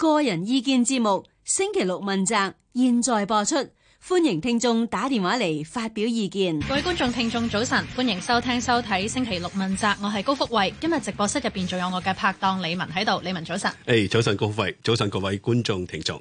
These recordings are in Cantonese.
個人意見節目星期六問責現在播出，歡迎聽眾打電話嚟發表意見。各位觀眾聽眾早晨，歡迎收聽收睇星期六問責，我係高福慧，今日直播室入邊仲有我嘅拍檔李文喺度。李文早晨，誒、hey, 早晨高福慧，早晨各位觀眾聽眾。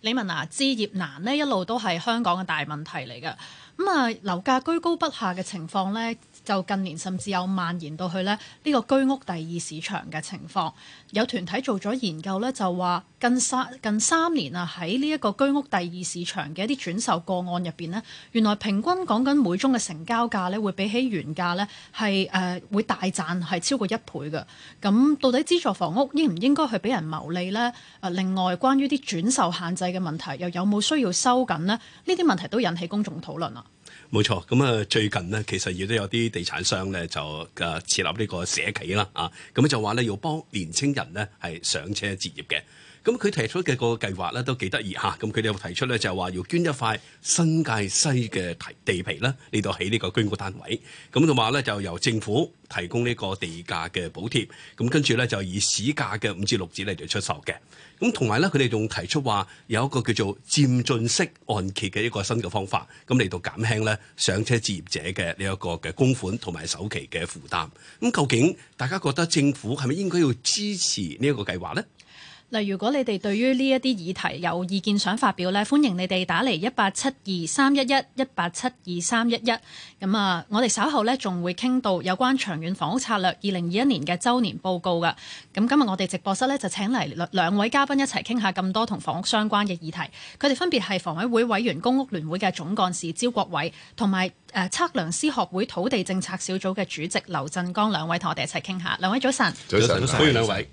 李文啊，置業難呢一路都係香港嘅大問題嚟㗎。咁啊、嗯，樓價居高不下嘅情況呢，就近年甚至有蔓延到去呢呢、這個居屋第二市場嘅情況。有團體做咗研究呢，就話近三近三年啊，喺呢一個居屋第二市場嘅一啲轉售個案入面呢，原來平均講緊每宗嘅成交價呢，會比起原價呢，係、呃、會大賺係超過一倍嘅。咁、嗯、到底資助房屋應唔應該去俾人牟利呢、呃？另外關於啲轉售限制嘅問題，又有冇需要收緊呢？呢啲問題都引起公眾討論啊！冇錯，咁最近咧，其實亦都有啲地產商咧就誒設立呢個社企啦，啊，咁就話要幫年輕人係上車置業嘅。咁佢提出嘅個計劃咧都幾得意吓。咁佢哋又提出咧就係話要捐一塊新界西嘅地地皮啦，嚟到起呢個居屋單位。咁同埋咧就由政府提供呢個地價嘅補貼。咁跟住咧就以市價嘅五至六折嚟到出售嘅。咁同埋咧佢哋仲提出話，有一個叫做漸進式按揭嘅一個新嘅方法，咁嚟到減輕咧上車置業者嘅呢一個嘅供款同埋首期嘅負擔。咁究竟大家覺得政府係咪應該要支持呢一個計劃咧？例如，如果你哋對於呢一啲議題有意見想發表咧，歡迎你哋打嚟一八七二三一一一八七二三一一。咁、嗯、啊，我哋稍後咧仲會傾到有關長遠房屋策略二零二一年嘅周年報告嘅。咁、嗯、今日我哋直播室咧就請嚟兩位嘉賓一齊傾下咁多同房屋相關嘅議題。佢哋分別係房委會委員、公屋聯會嘅總幹事招國偉，同埋誒測量師學會土地政策小組嘅主席劉振江。兩位同我哋一齊傾下。兩位早晨，早晨，歡迎兩位。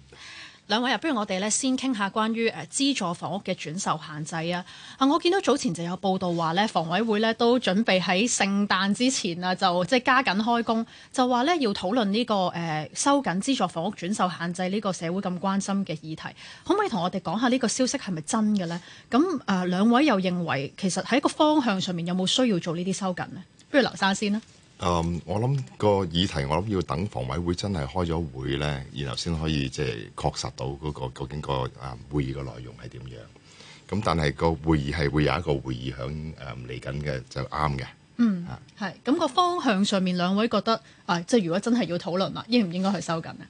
兩位又不如我哋咧，先傾下關於誒資助房屋嘅轉售限制啊！啊，我見到早前就有報道話咧，房委會咧都準備喺聖誕之前啊，就即、是、係加緊開工，就話咧要討論呢個誒、呃、收緊資助房屋轉售限制呢個社會咁關心嘅議題。可唔可以同我哋講下呢個消息係咪真嘅咧？咁誒，兩、啊、位又認為其實喺個方向上面有冇需要做呢啲收緊呢？不如劉生先啦。誒、嗯，我諗個議題，我諗要等房委會真係開咗會咧，然後先可以即係確實到嗰、那個究竟個誒會議嘅內容係點樣。咁但係個會議係會,會有一個會議響誒嚟緊嘅，就啱嘅。嗯，係、就、咁、是嗯那個方向上面，兩位覺得啊、哎，即係如果真係要討論啦，應唔應該去收緊咧？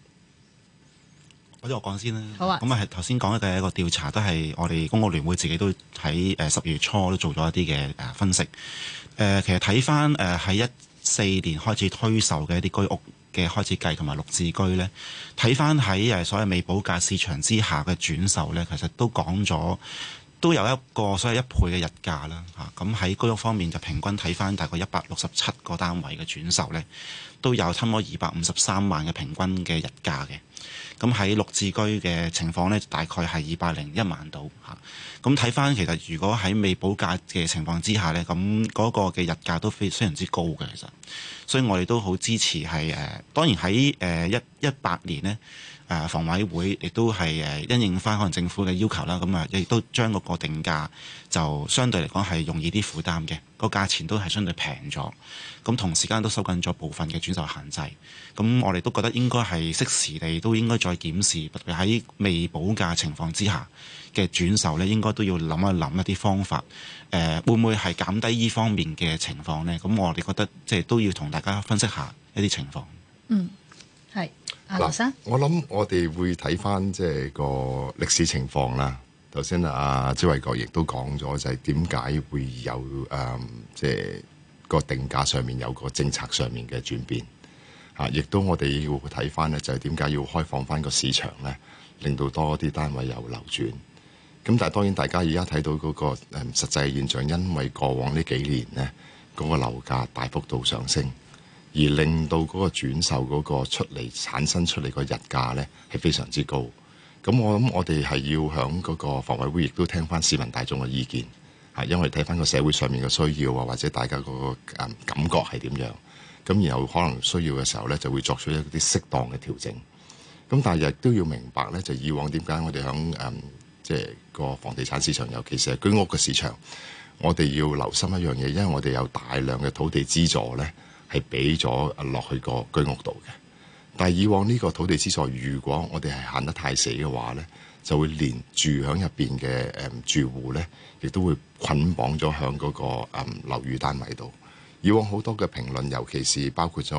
或者我講先啦。好啊。咁啊，係頭先講嘅第一個調查都係我哋公屋聯會自己都喺誒十二月初都做咗一啲嘅誒分析。誒、呃，其實睇翻誒喺一。四年開始推售嘅一啲居屋嘅開始計同埋綠置居呢，睇翻喺所謂未補價市場之下嘅轉售呢，其實都講咗，都有一個所謂一倍嘅溢價啦。咁喺居屋方面就平均睇翻大概一百六十七個單位嘅轉售呢，都有差唔多二百五十三萬嘅平均嘅溢價嘅。咁喺六字居嘅情況呢，大概係二百零一萬度嚇。咁睇翻其實，如果喺未補價嘅情況之下呢，咁嗰個嘅日價都非非常之高嘅。其實，所以我哋都好支持係誒、呃，當然喺誒一一八年呢。誒房委會亦都係誒因應返可能政府嘅要求啦，咁啊亦都將嗰個定價就相對嚟講係容易啲負擔嘅，個價錢都係相對平咗。咁同時間都收緊咗部分嘅轉售限制。咁我哋都覺得應該係適時地都應該再檢視，特別喺未補價情況之下嘅轉售呢，應該都要諗一諗一啲方法。誒會唔會係減低呢方面嘅情況呢？咁我哋覺得即係都要同大家分析一下一啲情況。嗯，係。啊，我諗我哋會睇翻，即係個歷史情況啦。頭先啊，招國偉亦都講咗，嗯，就係點解會有嗯即係個定價上面有個政策上面嘅轉變啊，亦都我哋要睇翻咧，就係點解要開放翻個市場咧，令到多啲單位有流轉。咁但係當然，大家而家睇到嗰個誒實際現象，因為過往呢幾年呢，嗰個樓價大幅度上升。而令到嗰個轉售嗰個出嚟產生出嚟個日價咧，係非常之高。咁我諗我哋係要響嗰個房委會亦都聽翻市民大眾嘅意見係，因為睇翻個社會上面嘅需要啊，或者大家嗰個誒感覺係點樣咁，然後可能需要嘅時候咧，就會作出一啲適當嘅調整。咁但係亦都要明白咧，就以往點解我哋響誒即係個房地產市場，尤其是係居屋嘅市場，我哋要留心一樣嘢，因為我哋有大量嘅土地資助咧，係俾咗落去個居屋度嘅，但係以往呢個土地資助，如果我哋係限得太死嘅話呢，就會連住喺入面嘅、嗯、住戶呢，亦都會捆綁咗喺嗰、個誒、嗯、樓宇單位度。以往好多嘅評論，尤其是包括咗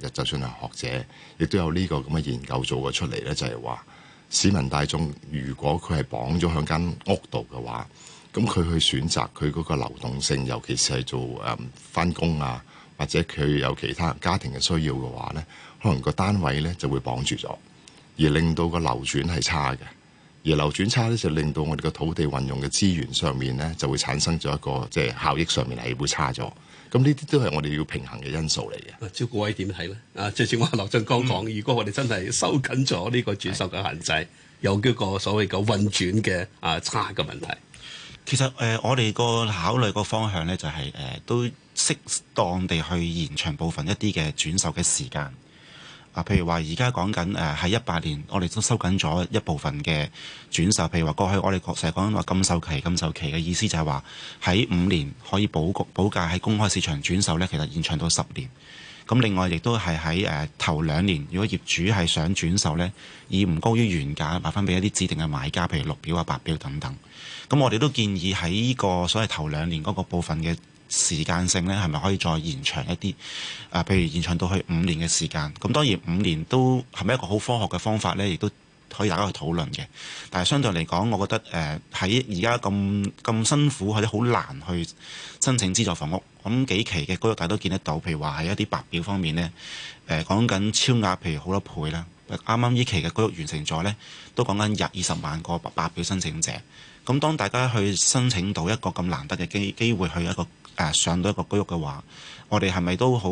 誒，就算係學者，亦都有呢個咁嘅研究做過出嚟呢，就係話市民大眾如果佢係綁咗喺間屋度嘅話，咁佢去選擇佢嗰個流動性，尤其是係做誒翻工啊。或者佢有其他家庭嘅需要嘅話，咧，可能個單位咧就會綁住咗，而令到個流轉係差嘅，而流轉差咧就令到我哋個土地運用嘅資源上面咧就會產生咗一個即係、就是、效益上面係會差咗。咁呢啲都係我哋要平衡嘅因素嚟嘅。招國偉點睇咧？啊，正如我阿劉振江講，如果我哋真係收緊咗呢個轉售嘅限制，有呢個所謂嘅運轉嘅啊差嘅問題。其實誒、呃，我哋個考慮個方向咧就係、是、誒、呃、都。適當地去延長部分一啲嘅轉售嘅時間，啊，譬如話而家講緊誒，喺一八年我哋都收緊咗一部分嘅轉售，譬如話過去我哋成日講話禁售期、禁售期嘅意思就係話喺五年可以補補價喺公開市場轉售呢，其實延長到十年。咁另外亦都係喺誒頭兩年，如果業主係想轉售呢，以唔高於原價賣翻俾一啲指定嘅買家，譬如綠表啊、白表等等。咁我哋都建議喺呢個所謂頭兩年嗰個部分嘅。時間性呢係咪可以再延長一啲？啊，譬如延長到去五年嘅時間，咁當然五年都係咪一個好科學嘅方法呢，亦都可以大家去討論嘅。但係相對嚟講，我覺得誒喺而家咁咁辛苦或者好難去申請資助房屋。咁幾期嘅居屋大家都見得到，譬如話係一啲白表方面呢，誒講緊超額，譬如好多倍啦。啱啱呢期嘅居屋完成咗呢，都講緊廿二十萬個白表申請者。咁當大家去申請到一個咁難得嘅機機會去一個。誒上到一個居屋嘅話，我哋係咪都好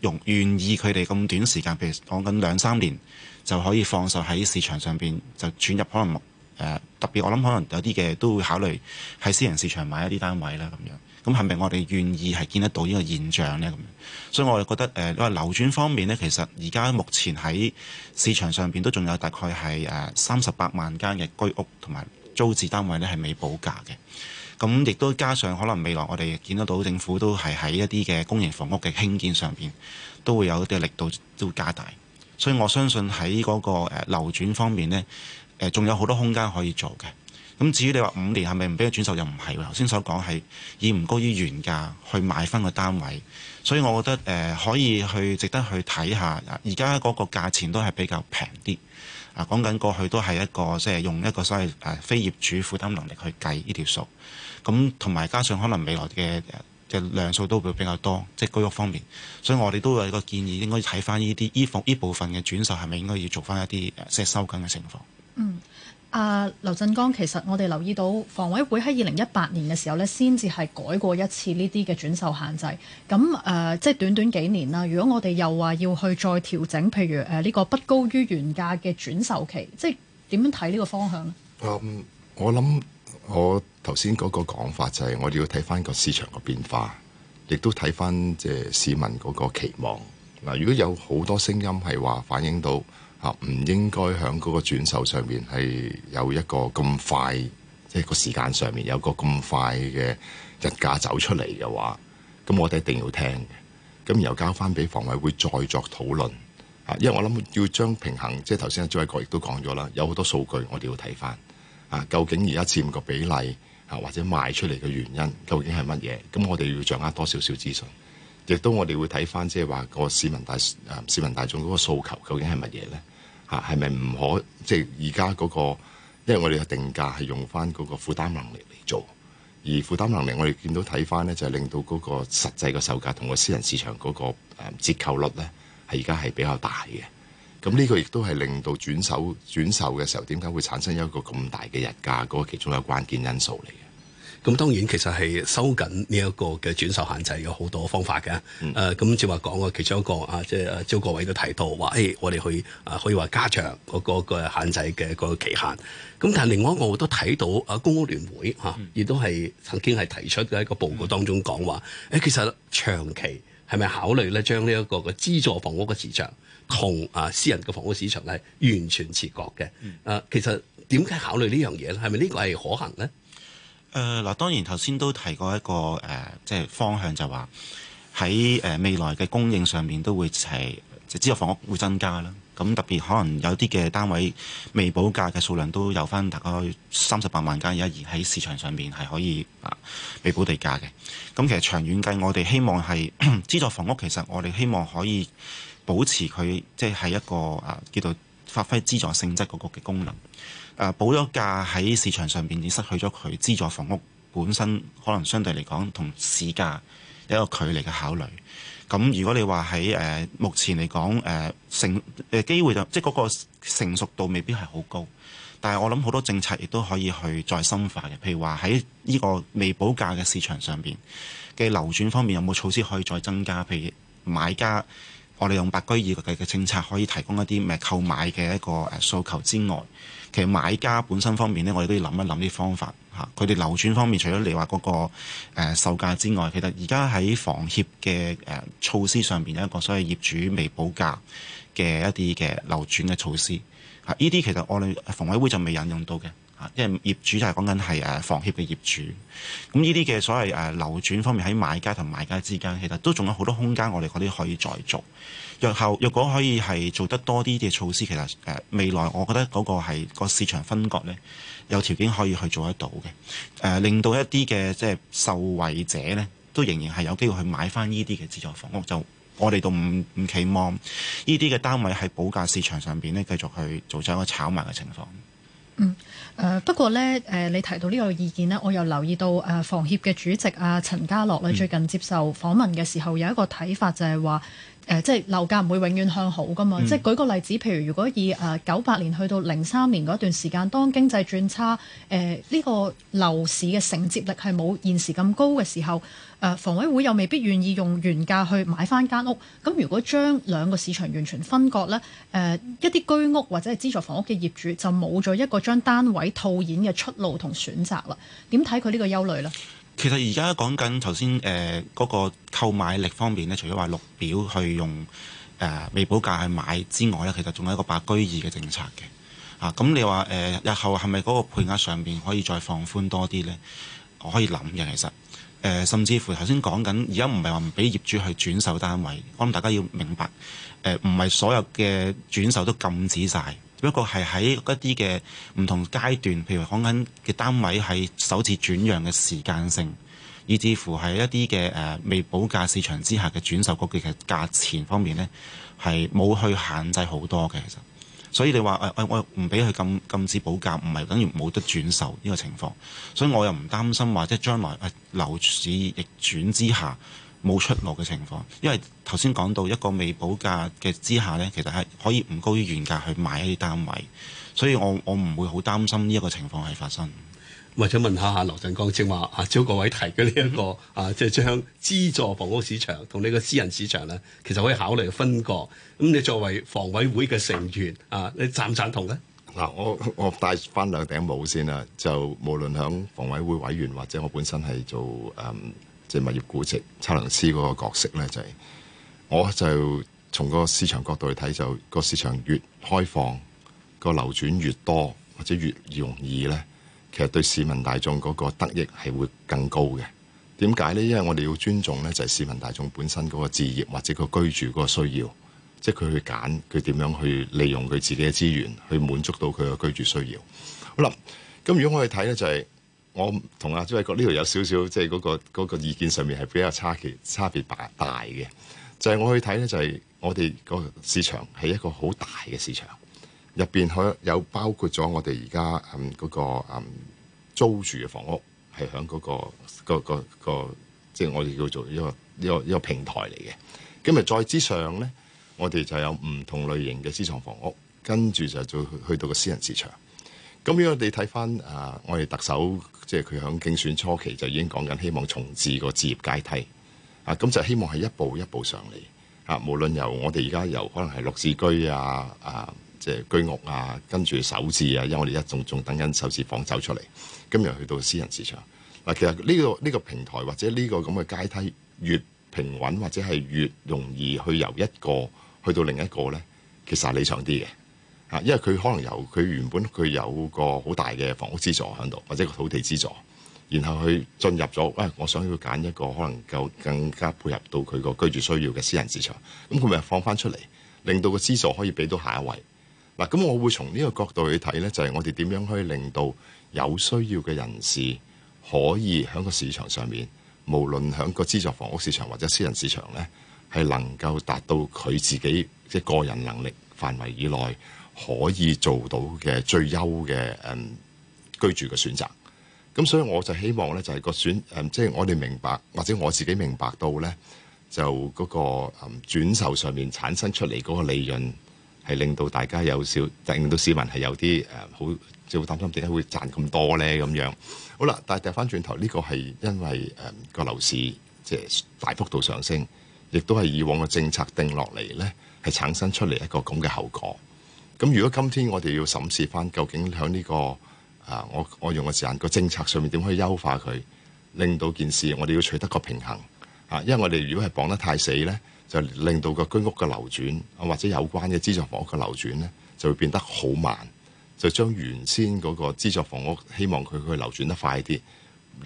容願意佢哋咁短時間，譬如講緊兩三年就可以放售喺市場上面，就轉入可能誒、呃、特別，我諗可能有啲嘅都會考慮喺私人市場買一啲單位啦咁樣。咁係咪我哋願意係見得到呢個現象呢？咁？所以我又覺得誒，因、呃、流轉方面呢，其實而家目前喺市場上面都仲有大概係誒三十八萬間嘅居屋同埋租置單位呢係未補價嘅。咁亦都加上可能未來我哋見得到政府都係喺一啲嘅公營房屋嘅興建上面都會有啲力度都加大，所以我相信喺嗰個流轉方面呢，仲有好多空間可以做嘅。咁至於你話五年係咪唔俾佢轉售，又唔係。頭先所講係以唔高於原價去買翻個單位，所以我覺得誒可以去值得去睇下。而家嗰個價錢都係比較平啲。啊，講緊過去都係一個即係用一個所謂誒非業主負擔能力去計呢條數。咁同埋加上可能未來嘅嘅量數都會比較多，即係居屋方面，所以我哋都有個建議應該，應該睇翻呢啲依部依部分嘅轉售係咪應該要做翻一啲即係收緊嘅情況。嗯，啊、呃，劉振江，其實我哋留意到房委會喺二零一八年嘅時候呢，先至係改過一次呢啲嘅轉售限制。咁、呃、即係短短幾年啦。如果我哋又話要去再調整，譬如呢、呃這個不高於原價嘅轉售期，即係點樣睇呢個方向呢、嗯、我諗我。頭先嗰個講法就係，我哋要睇翻個市場個變化，亦都睇翻即係市民嗰個期望。嗱，如果有好多聲音係話反映到嚇唔應該響嗰個轉售上面係有一個咁快，即係個時間上面有個咁快嘅日價走出嚟嘅話，咁我哋一定要聽嘅。咁然後交翻俾房委會再作討論。啊，因為我諗要將平衡，即係頭先阿招國偉亦都講咗啦，有好多數據我哋要睇翻。啊，究竟而家佔個比例？或者賣出嚟嘅原因究竟係乜嘢？咁我哋要掌握多少少資訊，亦都我哋會睇翻，即係話個市民大市民大眾嗰個訴求究竟係乜嘢呢？嚇係咪唔可即係而家嗰個，因為我哋嘅定價係用翻嗰個負擔能力嚟做，而負擔能力我哋見到睇翻呢，就係令到嗰個實際嘅售價同個私人市場嗰個誒折扣率呢，係而家係比較大嘅。咁呢個亦都係令到轉手轉售嘅時候，點解會產生一個咁大嘅溢價？嗰個其中一個關鍵因素嚟。咁當然其實係收緊呢一個嘅轉售限制有好多方法嘅，咁就話話講其中一個啊，即、啊、招國偉都提到話，誒、哎、我哋去啊可以話加、啊、長嗰、那個那個限制嘅個期限。咁但另外一個我都睇到啊，公屋聯會嚇，亦、啊、都係曾經係提出嘅一個報告當中講話、嗯哎，其實長期係咪考慮咧將呢一個嘅資助房屋嘅市場同啊私人嘅房屋市場係完全切割嘅？其實點解考慮呢樣嘢咧？係咪呢個係可行咧？誒嗱、呃，當然頭先都提過一個誒、呃，即係方向就話喺誒未來嘅供應上面都會係即係資助房屋會增加啦。咁特別可能有啲嘅單位未補價嘅數量都有翻大概三十八萬間，而喺市場上面係可以啊未補地價嘅。咁其實長遠計，我哋希望係資助房屋，其實我哋希望可以保持佢即係一個啊、呃、叫做發揮資助性質嗰個嘅功能。誒補咗價喺市場上面，已失去咗佢資助房屋本身可能相對嚟講同市價一個距離嘅考慮。咁如果你話喺目前嚟講誒成誒機會就即係嗰個成熟度未必係好高，但係我諗好多政策亦都可以去再深化嘅。譬如話喺呢個未補價嘅市場上面嘅流轉方面，有冇措施可以再增加？譬如買家，我哋用白居二嘅政策可以提供一啲咪購買嘅一個訴求之外。其實買家本身方面咧，我哋都要諗一諗啲方法嚇。佢哋流轉方面，除咗你話嗰個售價之外，其實而家喺房協嘅措施上面，有一個所謂業主未補價嘅一啲嘅流轉嘅措施。呢啲其實我哋房委會就未引用到嘅。因為業主就係講緊係誒房協嘅業主，咁呢啲嘅所謂誒流轉方面喺買家同買家之間，其實都仲有好多空間，我哋嗰啲可以再做。若後若果可以係做得多啲嘅措施，其實誒未來我覺得嗰個係個市場分割呢，有條件可以去做得到嘅，誒令到一啲嘅即係受惠者呢，都仍然係有機會去買翻呢啲嘅資助房屋。就我哋都唔唔期望呢啲嘅單位喺補價市場上邊呢，繼續去做咗一個炒賣嘅情況。嗯，誒、呃、不過咧，誒、呃、你提到呢個意見咧，我又留意到誒、呃、房協嘅主席啊陳家樂咧，嗯、最近接受訪問嘅時候有一個睇法就係話。誒、呃，即係樓價唔會永遠向好㗎嘛。嗯、即係舉個例子，譬如如果以誒九八年去到零三年嗰段時間，當經濟轉差，誒、呃、呢、這個樓市嘅承接力係冇現時咁高嘅時候，誒、呃、房委會又未必願意用原價去買返間屋。咁如果將兩個市場完全分割呢，誒、呃、一啲居屋或者係資助房屋嘅業主就冇咗一個將單位套現嘅出路同選擇啦。點睇佢呢個憂慮呢？其實而家講緊頭先誒嗰個購買力方面咧，除咗話綠表去用誒、呃、未保價去買之外咧，其實仲有一個白居二嘅政策嘅啊。咁你話誒、呃、日後係咪嗰個配額上面可以再放寬多啲咧？我可以諗嘅，其實誒、呃、甚至乎頭先講緊而家唔係話唔俾業主去轉售單位，我諗大家要明白誒，唔、呃、係所有嘅轉售都禁止晒。一個係喺一啲嘅唔同階段，譬如講緊嘅單位係首次轉讓嘅時間性，以至乎係一啲嘅誒未保價市場之下嘅轉售局嘅價錢方面呢，係冇去限制好多嘅。其實，所以你話誒、哎、我唔俾佢禁禁止保價，唔係等於冇得轉售呢個情況，所以我又唔擔心話即係將來、哎、樓市逆轉之下。冇出路嘅情況，因為頭先講到一個未保價嘅之下呢，其實係可以唔高於原價去賣一啲單位，所以我我唔會好擔心呢一個情況係發生。咁啊，想問下劉振江，即係話啊，招國偉提嘅呢一個啊，即係將資助房屋市場同呢個私人市場呢，其實可以考慮分隔。咁你作為房委會嘅成員啊，你贊唔贊同呢？嗱，我我戴翻兩頂帽先啦，就無論響房委會委員或者我本身係做誒。嗯.即係物業估值測量師嗰個角色咧，就係、是、我就從個市場角度去睇，就個市場越開放，個流轉越多或者越容易咧，其實對市民大眾嗰個得益係會更高嘅。點解咧？因為我哋要尊重咧，就係、是、市民大眾本身嗰個置業或者個居住嗰個需要，即係佢去揀佢點樣去利用佢自己嘅資源去滿足到佢嘅居住需要。好啦，咁如果我哋睇咧就係、是。我同阿招國偉呢度有少少即係嗰個嗰個意見上面係比較差別差別大大嘅，就係、係、我去睇咧就係、係、我哋個市場係一個好大嘅市場入邊，可有包括咗我哋而家嗯嗰個、嗯租住嘅房屋係喺嗰個嗰個嗰個嗰即係我哋叫做一個呢個呢個平台嚟嘅，咁咪再之上咧，我哋就有唔同類型嘅私藏房屋，跟住就做去，去到個私人市場。咁如我哋睇翻啊，我哋特首即係佢喺競選初期就已經講緊希望重置個置業階梯啊，咁就希望係一步一步上嚟啊。無論由我哋而家由可能係六字居啊啊，即係居屋啊，跟住首置啊，因為我哋一眾眾等緊首置房走出嚟，今日去到私人市場嗱、啊，其實呢個呢個平台或者呢個咁嘅階梯越平穩或者係越容易去由一個去到另一個咧，其實係理想啲嘅。啊，因為佢可能由佢原本佢有個好大嘅房屋資助喺度，或者個土地資助，然後佢進入咗，哎，我想要揀一個可能夠更加配合到佢個居住需要嘅私人市場，咁佢咪放翻出嚟，令到個資助可以俾到下一位嗱。咁我會從呢個角度去睇呢就係，我哋點樣可以令到有需要嘅人士可以喺個市場上面，無論喺個資助房屋市場或者私人市場呢，係能夠達到佢自己即個人能力範圍以內。可以做到嘅最優嘅，嗯，居住嘅選擇。咁所以我就希望咧，就係個選，嗯，即係我哋明白，或者我自己明白到咧，就嗰個轉售上面產生出嚟嗰個利潤，係令到大家有少，令到市民係有啲誒好即係好擔心，點解會賺咁多咧？咁樣好啦，但係掉翻轉頭呢個，係因為誒個樓市即係大幅度上升，亦都係以往嘅政策定落嚟咧，係產生出嚟一個咁嘅後果。咁如果今天我哋要審視翻，究竟喺呢個啊，我我用嘅時間個政策上面點可以優化佢，令到件事我哋要取得個平衡啊！因為我哋如果係綁得太死呢，就令到個居屋嘅流轉啊，或者有關嘅資助房屋嘅流轉呢，就會變得好慢，就將原先嗰個資助房屋希望佢去流轉得快啲，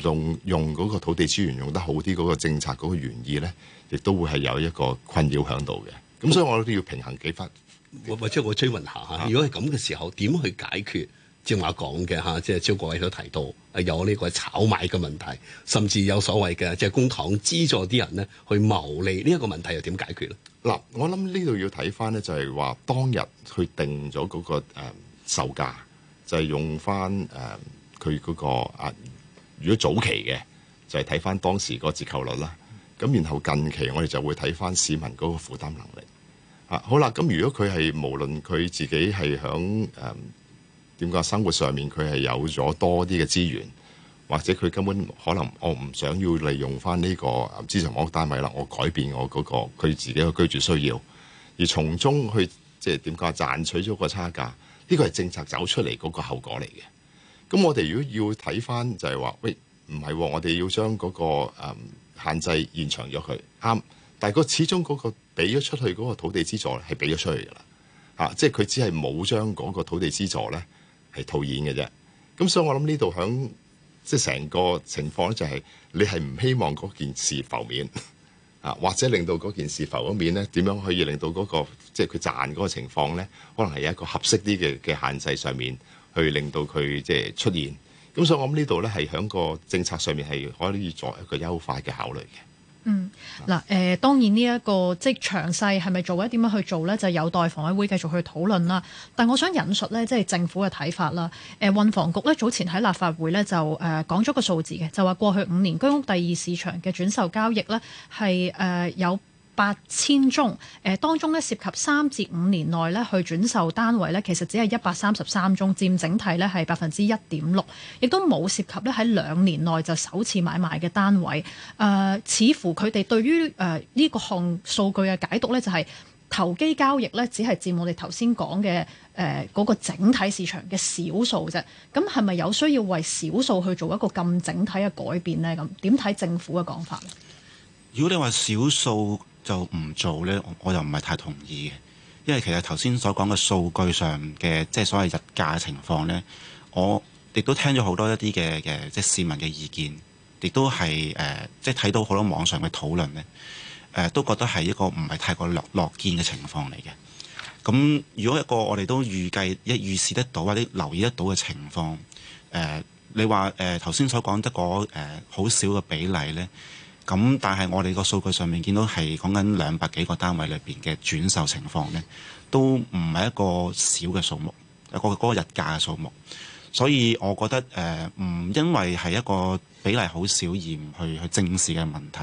用用嗰個土地資源用得好啲，嗰個政策嗰個原意呢，亦都會係有一個困擾喺度嘅。咁所以我哋都要平衡幾分。我即我追問一下嚇，如果係咁嘅時候，點去解決？正話講嘅嚇，即係招國偉都提到，有呢個炒賣嘅問題，甚至有所謂嘅即係公帑資助啲人咧去牟利，呢、這、一個問題又點解決咧？嗱，我諗呢度要睇翻咧，就係話當日去定咗嗰個、呃、售價，就係、是、用翻誒佢嗰個啊、呃，如果早期嘅就係睇翻當時個折扣率啦，咁、嗯、然後近期我哋就會睇翻市民嗰個負擔能力。啊，好啦，咁如果佢係無論佢自己係響誒點講生活上面，佢係有咗多啲嘅資源，或者佢根本可能我唔想要利用翻呢個資助房屋單位啦，我改變我嗰、那個佢自己嘅居住需要，而從中去即係點講賺取咗個差價，呢、這個係政策走出嚟嗰個後果嚟嘅。咁我哋如果要睇翻就係話，喂，唔係喎，我哋要將嗰、那個、嗯、限制延長咗佢，啱。但係，個始終嗰個俾咗出去嗰、啊、個土地資助係俾咗出去㗎啦，嚇！即係佢只係冇將嗰個土地資助咧係套現嘅啫。咁所以我諗呢度響即係成個情況咧，就係你係唔希望嗰件事浮面啊，或者令到嗰件事浮咗面咧，點樣可以令到嗰、那個即係佢賺嗰個情況咧，可能係一個合適啲嘅嘅限制上面，去令到佢即係出現。咁所以我諗呢度咧係喺個政策上面係可以作一個優化嘅考慮嘅。嗯，嗱、呃，誒當然呢、這、一個即係詳細係咪做一啲乜、點樣去做呢，就有待房委會繼續去討論啦。但我想引述呢，即係政府嘅睇法啦。誒、呃、運房局呢，早前喺立法會呢就誒、呃、講咗個數字嘅，就話過去五年居屋第二市場嘅轉售交易呢係誒、呃、有八千宗，誒當中咧涉及三至五年內咧去轉售單位咧，其實只係一百三十三宗，佔整體咧係百分之一點六，亦都冇涉及咧喺兩年內就首次買賣嘅單位。誒、呃，似乎佢哋對於誒呢、呃呢個項數據嘅解讀咧，就係投機交易咧，只係佔我哋頭先講嘅誒嗰個整體市場嘅少數啫。咁係咪有需要為少數去做一個咁整體嘅改變咧？咁點睇政府嘅講法？如果你話少數，就唔做呢，我我又唔係太同意嘅，因為其實頭先所講嘅數據上嘅即係所謂日價情況呢，我亦都聽咗好多一啲嘅誒即係市民嘅意見，亦都係誒、呃、即係睇到好多網上嘅討論呢、呃，都覺得係一個唔係太過樂樂見嘅情況嚟嘅。咁如果一個我哋都預計一預視得到或者留意得到嘅情況、呃，你話誒頭先所講得嗰誒好少嘅比例呢。咁但係我哋個數據上面見到係講緊兩百幾個單位裏邊嘅轉售情況咧，都唔係一個小嘅數目，一，嗰個個日價嘅數目，所以我覺得誒唔、呃、因為係一個比例好少而唔去去正視嘅問題，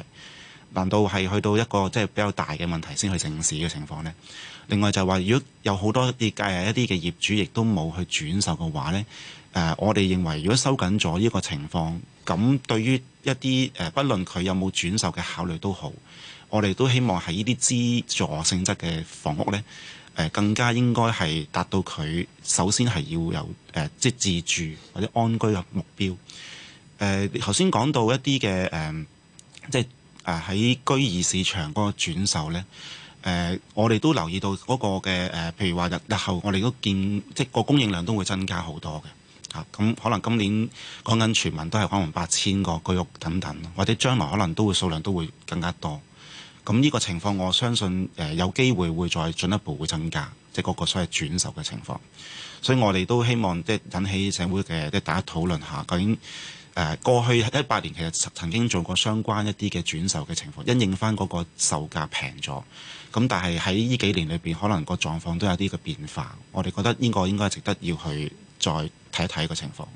難道係去到一個即係、就是、比較大嘅問題先去正視嘅情況咧？另外就係話，如果有好多啲誒一啲嘅業主亦都冇去轉售嘅話咧。誒、呃，我哋認為，如果收緊咗呢個情況，咁對於一啲誒、呃，不論佢有冇轉售嘅考慮都好，我哋都希望係呢啲資助性質嘅房屋呢，誒、呃，更加應該係達到佢首先係要有誒、呃，即自住或者安居嘅目標。誒、呃，頭先講到一啲嘅誒，即係喺居二市場嗰個轉售呢，誒、呃，我哋都留意到嗰個嘅誒、呃，譬如話日日後，我哋都見即個供應量都會增加好多嘅。咁可能今年講緊全民都係可能八千個居屋等等，或者將來可能都會數量都會更加多。咁呢個情況，我相信有機會會再進一步會增加，即係嗰個所謂轉售嘅情況。所以我哋都希望即引起社會嘅即大家討論下，究竟過去一八年其實曾經做過相關一啲嘅轉售嘅情況，因應返嗰個售價平咗。咁但係喺呢幾年裏面，可能個狀況都有啲嘅變化。我哋覺得呢個應該值得要去。再睇一睇個情況，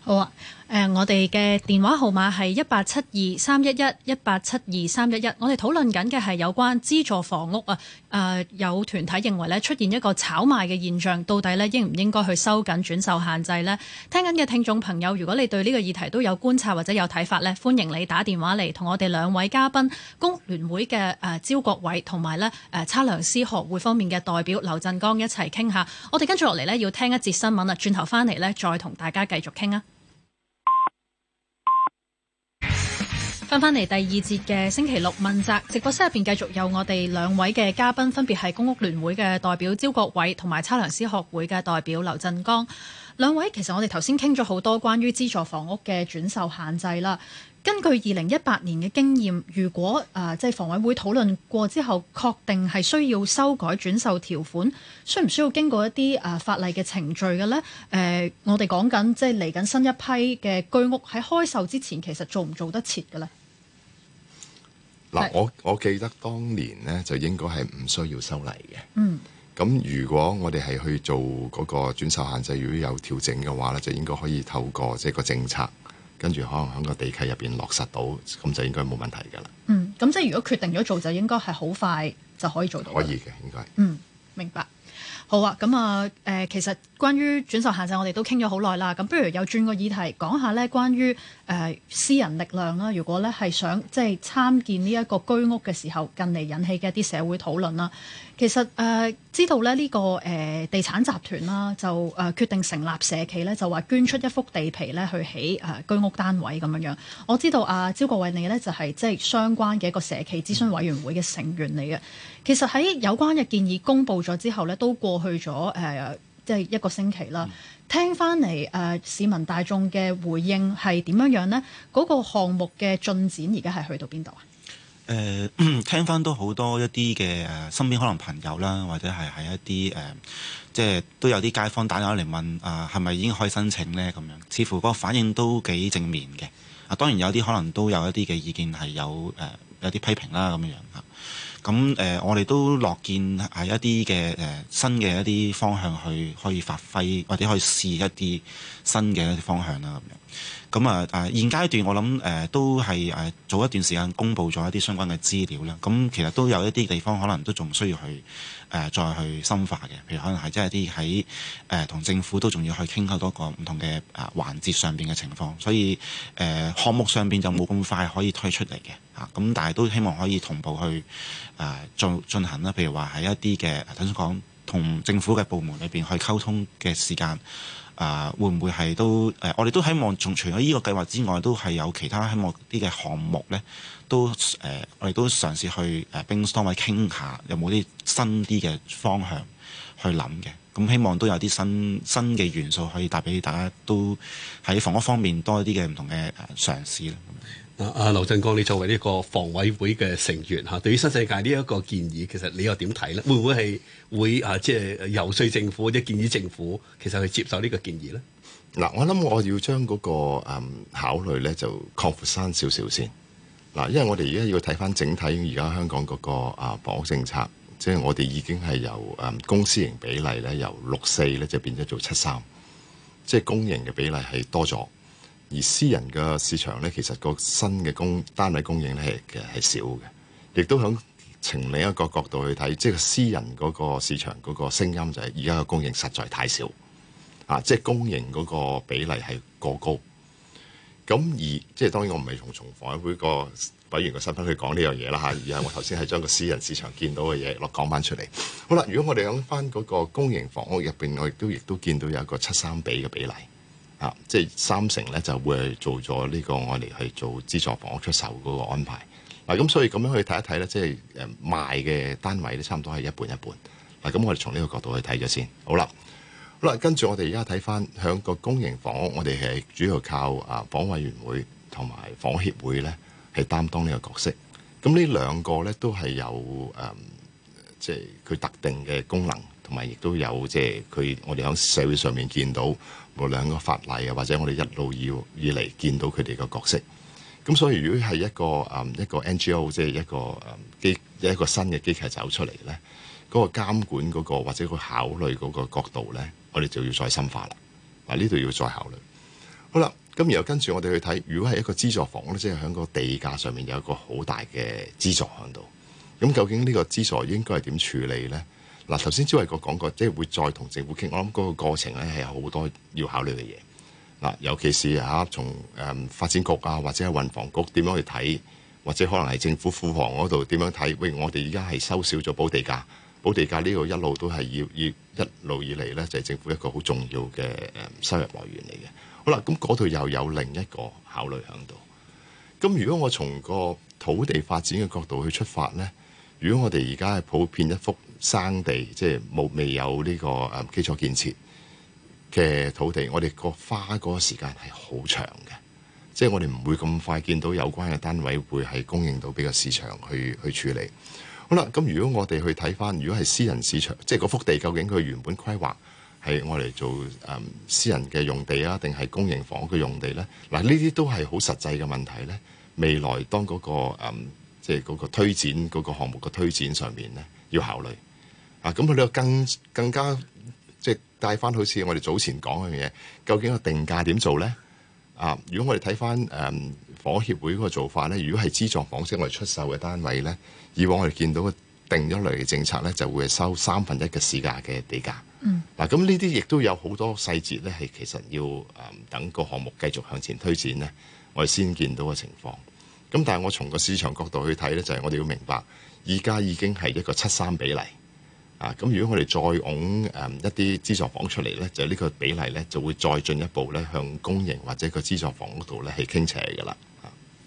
好啊。誒、呃，我哋嘅電話號碼係一八七二三一一一八七二三一一。11, 我哋討論緊嘅係有關資助房屋啊。誒、呃，有團體認為咧，出現一個炒賣嘅現象，到底咧，應唔應該去收緊轉售限制呢？聽緊嘅聽眾朋友，如果你對呢個議題都有觀察或者有睇法咧，歡迎你打電話嚟同我哋兩位嘉賓工聯會嘅誒、呃，招國偉同埋咧誒，測量師學會方面嘅代表劉振江一齊傾下。我哋跟住落嚟咧要聽一節新聞啊，轉頭翻嚟咧再同大家繼續傾啊。翻返嚟第二節嘅星期六問責直播室入邊，繼續有我哋兩位嘅嘉賓，分別係公屋聯會嘅代表招國偉，同埋測量師學會嘅代表劉振江。兩位，其實我哋頭先傾咗好多關於資助房屋嘅轉售限制啦。根據二零一八年嘅經驗，如果誒即係房委會討論過之後，確定係需要修改轉售條款，需唔需要經過一啲誒、呃、法例嘅程序嘅呢？誒、呃，我哋講緊即係嚟緊新一批嘅居屋喺開售之前，其實做唔做得切嘅呢？嗱，我我記得當年呢，就應該係唔需要修例嘅。嗯。咁如果我哋係去做嗰個轉售限制，如果有調整嘅話呢就應該可以透過即係個政策。跟住可能喺個地契入面落實到，咁就應該冇問題㗎啦。嗯，咁即係如果決定咗做，就應該係好快就可以做到。可以嘅，應該。嗯，明白。好啊，咁啊、呃，其實關於轉售限制我，我哋都傾咗好耐啦。咁不如又轉個議題，講下咧關於、呃、私人力量啦。如果咧係想即係參建呢一個居屋嘅時候，近嚟引起嘅一啲社會討論啦。其實、呃、知道咧、這、呢個誒、呃、地產集團啦，就誒、呃、決定成立社企咧，就話捐出一幅地皮咧去起、呃、居屋單位咁樣。我知道阿招、呃、國偉你呢，就係即係相關嘅一個社企諮詢委員會嘅成員嚟嘅。其實喺有關嘅建議公布咗之後呢，都過去咗、呃、即係一個星期啦。嗯、聽翻嚟、呃、市民大眾嘅回應係點樣樣呢？嗰、那個項目嘅進展而家係去到邊度啊？誒、呃、聽翻都好多一啲嘅身邊可能朋友啦，或者係一啲誒、呃，即係都有啲街坊打電話嚟問啊，係、呃、咪已經可以申請呢？咁樣似乎嗰個反應都幾正面嘅。啊，當然有啲可能都有一啲嘅意見係有誒、呃，有啲批評啦咁樣。咁誒、呃，我哋都樂見係一啲嘅誒新嘅一啲方向去可以發揮，或者可以試一啲新嘅方向啦咁樣。咁啊誒，現階段我諗誒、呃、都係誒、呃、早一段時間公布咗一啲相關嘅資料啦。咁其實都有一啲地方可能都仲需要去。誒、呃，再去深化嘅，譬如可能係即係啲喺同政府都仲要去傾好多個唔同嘅啊、呃、環節上面嘅情況，所以誒、呃、項目上面就冇咁快可以推出嚟嘅，嚇、啊、咁，但係都希望可以同步去誒、呃、進進行啦。譬如話喺一啲嘅，我想講同政府嘅部門裏面去溝通嘅時間，啊、呃，會唔會係都、呃、我哋都希望從除咗呢個計劃之外，都係有其他希望啲嘅項目咧。都誒、呃，我哋都嘗試去誒 brainstorm 傾下，有冇啲新啲嘅方向去諗嘅？咁希望都有啲新新嘅元素可以帶俾大家，都喺房屋方面多一啲嘅唔同嘅嘗試啦。嗱，阿劉振江，你作為呢個房委會嘅成員嚇，對於新世界呢一個建議，其實你又點睇咧？會唔會係會啊？即、就、係、是、遊説政府或者建議政府其實去接受呢個建議咧？嗱，我諗我要將嗰個考慮咧，就擴闊生少少先。嗱，因為我哋而家要睇翻整體，而家香港嗰個啊房屋政策，即係我哋已經係由誒公私型比例咧，由六四咧就變咗做七三，即係公營嘅比例係多咗，而私人嘅市場咧，其實個新嘅供單位供應咧係其實係少嘅，亦都響從另一個角度去睇，即係私人嗰個市場嗰個聲音就係，而家嘅供應實在太少，啊，即係公營嗰個比例係過高。咁而即係當然我從從、那個，我唔係從重房委會個委員個身份去講呢樣嘢啦嚇，而係我頭先係將個私人市場見到嘅嘢落講翻出嚟。好啦，如果我哋講返嗰個公營房屋入面，我亦都亦都見到有一個七三比嘅比例，啊、即係三成咧就會係做咗呢、呢個我哋去做資助房屋出售嗰個安排嗱。咁、啊、所以咁樣去睇一睇咧，即係賣嘅單位咧，差唔多係一半一半嗱。咁、啊、我哋從呢個角度去睇咗先，好啦。嗱，跟住我哋而家睇翻喺個公營房屋，我哋係主要靠啊房委員會同埋房協會咧，係擔當呢個角色。咁呢兩個咧都係有誒、嗯，即係佢特定嘅功能，同埋亦都有即係佢我哋喺社會上面見到，兩個法例啊，或者我哋一路以以嚟見到佢哋嘅角色。咁所以如果係一個誒、嗯、一個 NGO，即係一個機、嗯、一個新嘅機器走出嚟咧，嗰、那個監管嗰、那個或者佢考慮嗰個角度咧。我哋就要再深化啦，嗱呢度要再考慮。好啦，咁然後跟住我哋去睇，如果係一個資助房屋咧，即係喺個地價上面有一個好大嘅資助喺度。咁究竟呢個資助應該係點處理咧？嗱，頭先招國偉講過，即係會再同政府傾。我諗嗰個過程咧係有好多要考慮嘅嘢。嗱，尤其是嚇從誒發展局啊，或者係運房局點樣去睇，或者可能係政府庫房嗰度點樣睇？喂，我哋而家係收少咗補地價。保地價呢個一路都係要要一路以嚟咧，就係政府一個好重要嘅收入來源嚟嘅。好啦，咁嗰度又有另一個考慮喺度。咁如果我從個土地發展嘅角度去出發咧，如果我哋而家係普遍一幅生地，即係冇未有呢個基礎建設嘅土地，我哋個花嗰個時間係好長嘅，即係我哋唔會咁快見到有關嘅單位會係供應到俾個市場去去處理。好啦，咁如果我哋去睇翻，如果係私人市場，即係嗰幅地究竟佢原本規劃係用嚟做誒私人嘅用地啊，定係公營房屋嘅用地咧？嗱，呢啲都係好實際嘅問題咧。未來當嗰個誒即係嗰個推展嗰個項目嘅推展上面咧，要考慮啊。咁佢哋更更加即係帶翻好似我哋早前講嘅嘢，究竟個定價點做咧？啊！如果是我哋睇翻誒房協會嗰個做法咧，如果係資助房屋我哋出售嘅單位咧，以往我哋見到嘅定咗嚟嘅政策咧，就會係收三分一嘅市價嘅地價。嗯。嗱，咁呢啲亦都有好多細節咧，係其實要誒等個項目繼續向前推展咧，我哋先見到嘅情況。咁但係我從個市場角度去睇咧，就係、是、我哋要明白，依家已經係一個七三比例。啊，咁如果我哋再拱誒一啲資助房出嚟咧，就呢個比例咧就會再進一步咧向公營或者個資助房嗰度咧係傾斜嘅啦。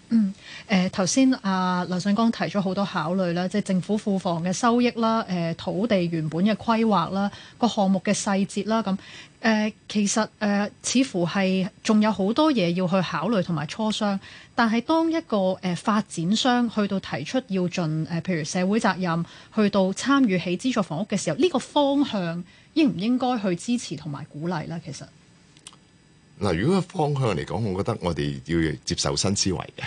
嗯，誒頭先阿劉信剛提咗好多考慮啦，即、就、係、是、政府庫房嘅收益啦、誒、呃、土地原本嘅規劃啦、個項目嘅細節啦咁。呃、其實、呃、似乎係仲有好多嘢要去考慮同埋磋商。但係當一個誒、呃、發展商去到提出要盡、呃、譬如社會責任，去到參與起資助房屋嘅時候，呢個方向應唔應該去支持同埋鼓勵呢？其實嗱，如果個方向嚟講，我覺得我哋要接受新思維嘅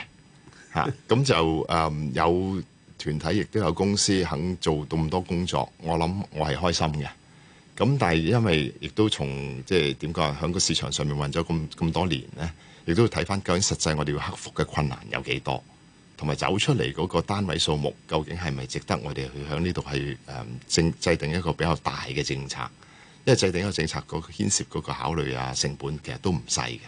嚇。咁、 啊、就、呃、有團體亦都有公司肯做咁多工作，我諗我係開心嘅。咁但係因為亦都從即係點講啊，喺個市場上面運咗咁咁多年咧，亦都睇翻究竟實際我哋要克服嘅困難有幾多，同埋走出嚟嗰個單位數目究竟係咪值得我哋去響呢度係誒政制定一個比較大嘅政策？因為制定一個政策嗰個牽涉嗰個考慮啊、成本其實都唔細嘅，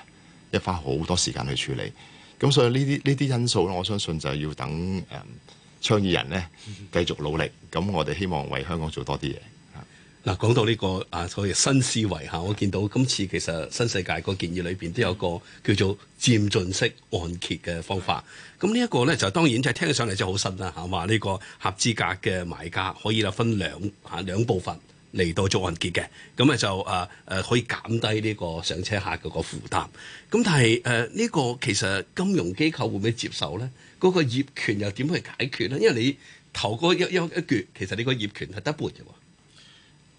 一花好多時間去處理。咁所以呢啲呢啲因素咧，我相信就係要等誒倡議人咧繼續努力。咁我哋希望為香港做多啲嘢。嗱，講到呢個啊，所謂新思維嚇，我見到今次其實新世界個建議裏邊都有一個叫做漸進式按揭嘅方法。咁呢一個咧就當然聽就聽起上嚟就好新啦嚇，話呢、呢個合資格嘅買家可以啦分兩嚇兩部分嚟到做按揭嘅，咁咪就誒誒、啊、可以減低呢個上車客嗰個負擔。咁但係誒呢個其實金融機構會唔會接受咧？嗰、嗰個業權又點去解決咧？因為你頭嗰一一一橛，其實你個業權係得半啫喎。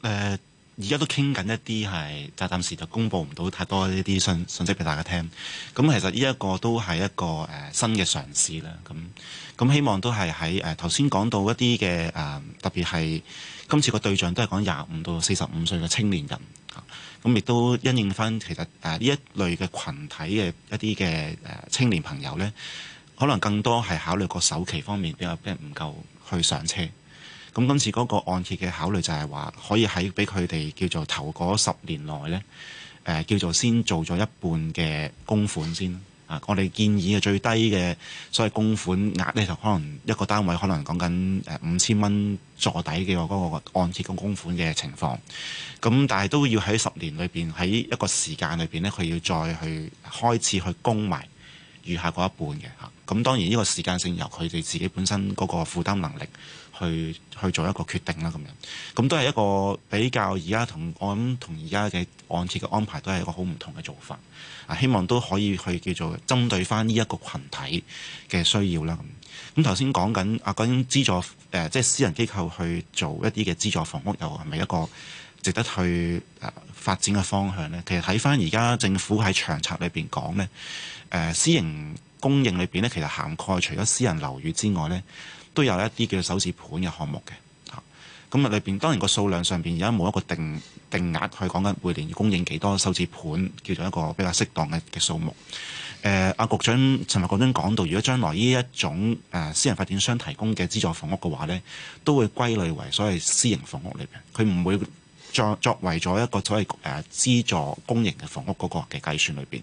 誒而家都傾緊一啲係暫時就公布唔到太多呢啲信信息俾大家聽，咁、嗯、其實呢一個都係一個新嘅嘗試啦，咁、嗯、咁、嗯、希望都係喺頭先講到一啲嘅、呃、特別係今次個對象都係講廿五到四十五歲嘅青年人，咁、嗯、亦、嗯、都因應翻其實呢、呃、一類嘅群體嘅一啲嘅、呃、青年朋友呢，可能更多係考慮個首期方面比較即係唔夠去上車。咁今次嗰個按揭嘅考慮就係話，可以喺俾佢哋叫做頭嗰十年內呢、呃，叫做先做咗一半嘅供款先。啊，我哋建議嘅最低嘅所謂供款額呢，就可能一個單位可能講緊五千蚊坐底嘅嗰個按揭咁供款嘅情況。咁、啊、但係都要喺十年裏面，喺一個時間裏面呢，佢要再去開始去供埋餘下嗰一半嘅咁、啊啊、當然呢個時間性由佢哋自己本身嗰個負擔能力。去去做一個決定啦，咁樣，咁都係一個比較而家同我諗同而家嘅按揭嘅安排都係一個好唔同嘅做法。啊，希望都可以去叫做針對翻呢一個群體嘅需要啦。咁，咁頭先講緊啊，講資助誒、呃，即係私人機構去做一啲嘅資助房屋，又係咪一個值得去、呃、發展嘅方向呢？其實睇翻而家政府喺長策裏邊講呢，誒、呃，私營供應裏邊呢，其實涵蓋除咗私人樓宇之外呢。都有一啲叫做首置盤嘅項目嘅，咁啊，裏邊當然個數量上邊而家冇一個定定額去講緊每年要供應幾多首置盤，叫做一個比較適當嘅嘅數目。誒、呃，阿局長尋日講緊講到，如果將來呢一種誒、呃、私人發展商提供嘅資助房屋嘅話呢都會歸類為所謂私營房屋裏邊，佢唔會作作為咗一個所謂誒、呃、資助公營嘅房屋嗰個嘅計算裏邊。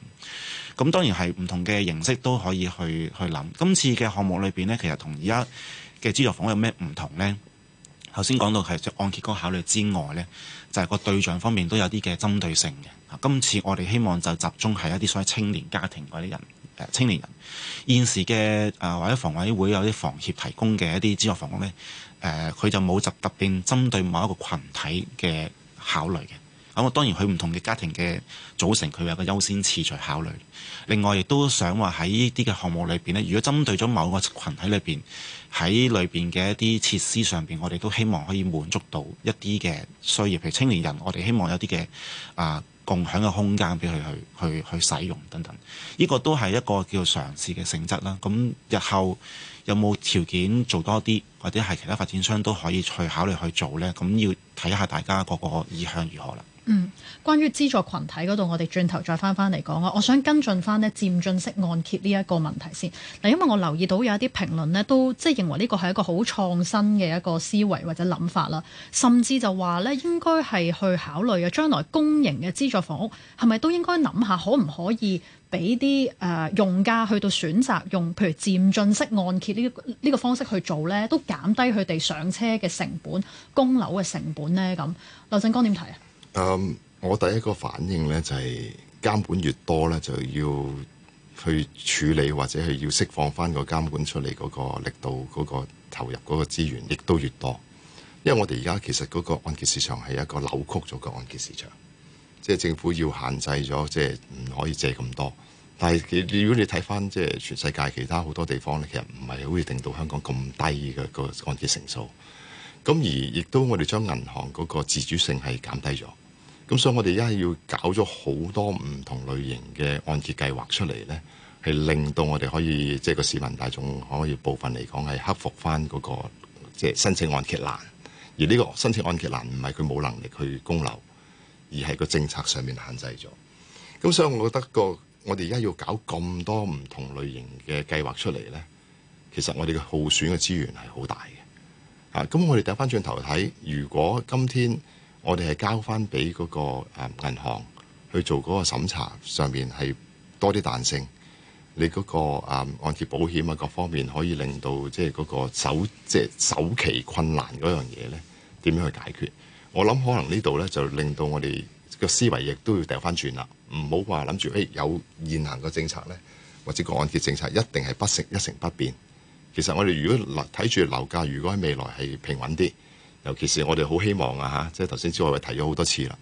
咁當然係唔同嘅形式都可以去去諗。今次嘅項目裏邊呢，其實同而家。嘅資助房有咩唔同呢？頭先講到係按揭嗰個考慮之外呢，就係、是、個對象方面都有啲嘅針對性嘅。今次我哋希望就集中喺一啲所謂青年家庭嗰啲人、啊，青年人現時嘅或者房委會有啲房協提供嘅一啲資助房屋佢、啊、就冇集特別針對某一個群體嘅考慮嘅。咁、啊、我當然佢唔同嘅家庭嘅組成，佢有個優先次序考慮。另外亦都想話喺呢啲嘅項目裏面呢，如果針對咗某個羣體裏喺裏面嘅一啲設施上面，我哋都希望可以滿足到一啲嘅需要，譬如青年人，我哋希望有啲嘅啊共享嘅空間俾佢去去去使用等等，呢個都係一個叫做嘗試嘅性質啦。咁日後有冇條件做多啲，或者係其他發展商都可以去考慮去做呢？咁要睇下大家個個個意向如何啦。嗯，關於資助群體嗰度，我哋轉頭再翻翻嚟講啊！我想跟進翻呢漸進式按揭呢一個問題先。嗱，因為我留意到有一啲評論呢都即係認為呢個係一個好創新嘅一個思維或者諗法啦，甚至就話呢，應該係去考慮嘅將來公營嘅資助房屋係咪都應該諗下可唔可以俾啲誒用家去到選擇用，譬如漸進式按揭呢呢個方式去做呢？都減低佢哋上車嘅成本、供樓嘅成本呢。咁，劉振江點睇啊？誒，um, 我第一個反應咧就係、是、監管越多咧，就要去處理或者係要釋放翻個監管出嚟嗰個力度、嗰、那個投入、嗰個資源，亦都越多。因為我哋而家其實嗰個按揭市場係一個扭曲咗個按揭市場，即、就、係、是、政府要限制咗，即係唔可以借咁多。但係，如果你睇翻即係全世界其他好多地方咧，其實唔係好似定到香港咁低嘅個按揭成數。咁而亦都我哋將銀行嗰個自主性係減低咗。咁所以，我哋而家要搞咗好多唔同類型嘅按揭計劃出嚟咧，係令到我哋可以即係個市民大眾可以部分嚟講，係克服翻、那、嗰個即係、就是、申請按揭難，而呢個申請按揭難唔係佢冇能力去供樓，而係個政策上面限制咗。咁所以，我覺得個我哋而家要搞咁多唔同類型嘅計劃出嚟咧，其實我哋嘅耗損嘅資源係好大嘅。啊，咁我哋掉翻轉頭睇，如果今天我哋係交翻俾嗰個誒銀行去做嗰個審查上面係多啲彈性你、那個，你嗰個按揭保險啊各方面可以令到即係嗰個首即係、就是、首期困難嗰樣嘢咧，點樣去解決？我諗可能呢度咧就令到我哋個思維亦都要掉翻轉啦，唔好話諗住誒有現行嘅政策咧，或者個按揭政策一定係不成一成不變。其實我哋如果樓睇住樓價，如果喺未來係平穩啲。尤其是我哋好希望啊吓，即係頭先朱我哋提咗好多次啦。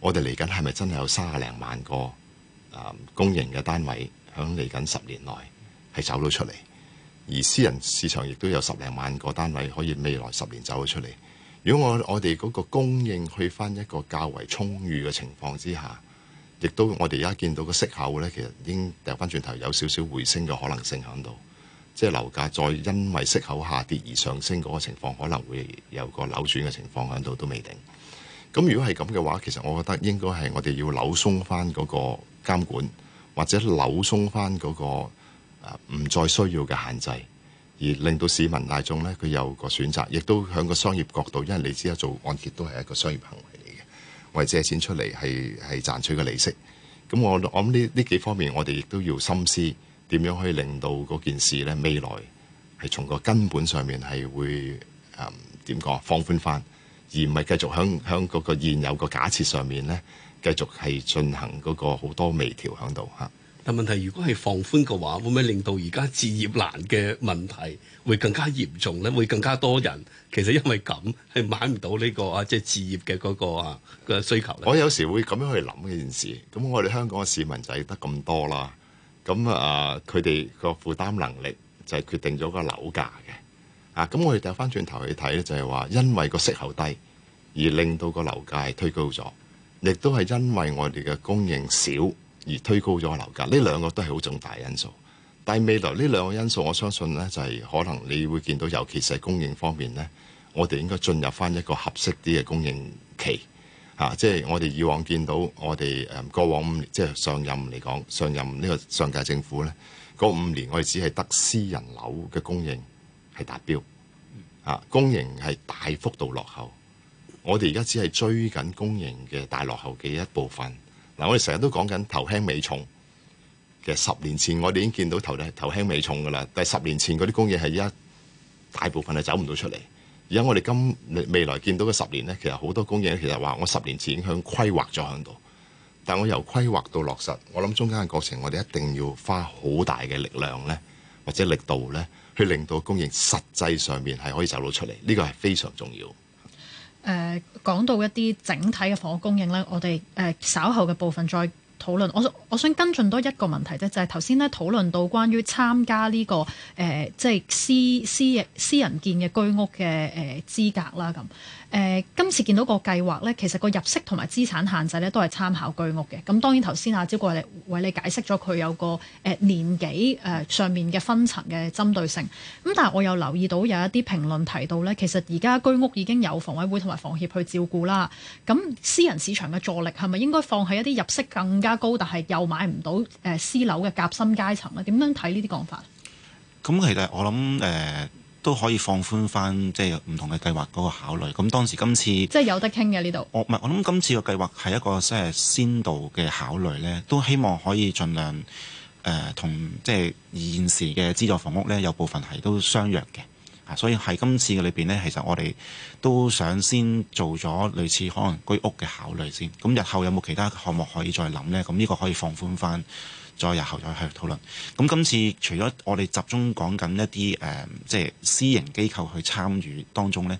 我哋嚟緊係咪真係有三十零萬個啊公營嘅單位響嚟緊十年內係走咗出嚟？而私人市場亦都有十零萬個單位可以未來十年走咗出嚟。如果我我哋嗰個供應去翻一個較為充裕嘅情況之下，亦都我哋而家見到個息口咧，其實已經掉翻轉頭有少少回升嘅可能性響度。即係樓價再因為息口下跌而上升嗰個情況，可能會有個扭轉嘅情況響度都未定。咁如果係咁嘅話，其實我覺得應該係我哋要扭鬆翻嗰個監管，或者扭鬆翻嗰個啊唔再需要嘅限制，而令到市民大眾咧佢有個選擇，亦都響個商業角度，因為你知啦，做按揭都係一個商業行為嚟嘅，我哋借錢出嚟係係賺取個利息。咁我我諗呢呢幾方面，我哋亦都要深思。點樣可以令到嗰件事咧，未來係從個根本上面係會誒點講，放寬翻，而唔係繼續響響嗰個現有個假設上面咧繼續係進行嗰個好多微調喺度吓。但問題如果係放寬嘅話，會唔會令到而家置業難嘅問題會更加嚴重咧？會更加多人其實因為咁係買唔到呢、呢個啊，即係置業嘅嗰、嗰個啊，個需求咧？啊啊啊啊、我有時會咁樣去諗呢件事，咁我哋香港嘅市民就係得咁多啦。咁啊，佢哋個負擔能力就係決定咗個樓價嘅。啊，咁我哋掉翻轉頭去睇咧，就係話因為個息口低，而令到個樓價係推高咗，亦都係因為我哋嘅供應少而推高咗樓價。呢兩個都係好重大因素。但係未來呢兩個因素，我相信咧就係可能你會見到，尤其是係供應方面咧，我哋應該進入翻一個合適啲嘅供應期。嚇、啊！即係我哋以往見到我哋誒、嗯、過往五年即係上任嚟講，上任呢個上屆政府咧，嗰、那個、五年，我哋只係得私人樓嘅供應係達標，嚇、啊、公營係大幅度落後。我哋而家只係追緊公營嘅大落後嘅一部分。嗱、啊，我哋成日都講緊頭輕尾重，其實十年前我哋已經見到頭咧，頭輕尾重㗎喇，但係十年前嗰啲供應係一大部分係走唔到出嚟。而家我哋今未來見到嘅十年呢，其實好多供應，其實話我十年前已經規劃咗喺度，但我由規劃到落實，我諗中間嘅過程，我哋一定要花好大嘅力量呢，或者力度呢，去令到供應實際上面係可以走到出嚟，呢個係非常重要。誒、呃，講到一啲整體嘅房屋供應呢，我哋誒、呃、稍後嘅部分再討論，我我想跟進多一個問題啫，就係頭先咧討論到關於參加呢、這個誒，即、呃、係、就是、私私私人建嘅居屋嘅誒、呃、資格啦咁。誒、呃、今次見到個計劃咧，其實個入息同埋資產限制咧都係參考居屋嘅。咁、嗯、當然頭先阿招過為你解釋咗佢有個誒、呃、年紀誒、呃、上面嘅分層嘅針對性。咁、嗯、但係我又留意到有一啲評論提到咧，其實而家居屋已經有房委會同埋房協去照顧啦。咁、嗯、私人市場嘅助力係咪應該放喺一啲入息更加高，但係又買唔到誒、呃，私樓嘅夾心階層咧，點樣睇呢啲講法？咁其實我諗誒、呃、都可以放寬翻，即係唔同嘅計劃嗰個考慮。咁當時今次即係有得傾嘅呢度，我唔係我諗今次個計劃係一個即係先導嘅考慮咧，都希望可以盡量誒、呃、同即係現時嘅資助房屋咧，有部分係都相約嘅。啊，所以喺今次嘅裏邊呢，其實我哋都想先做咗類似可能居屋嘅考慮先。咁日後有冇其他項目可以再諗呢？咁呢個可以放寬翻，再日後再去討論。咁今次除咗我哋集中講緊一啲、呃、即係私營機構去參與當中呢，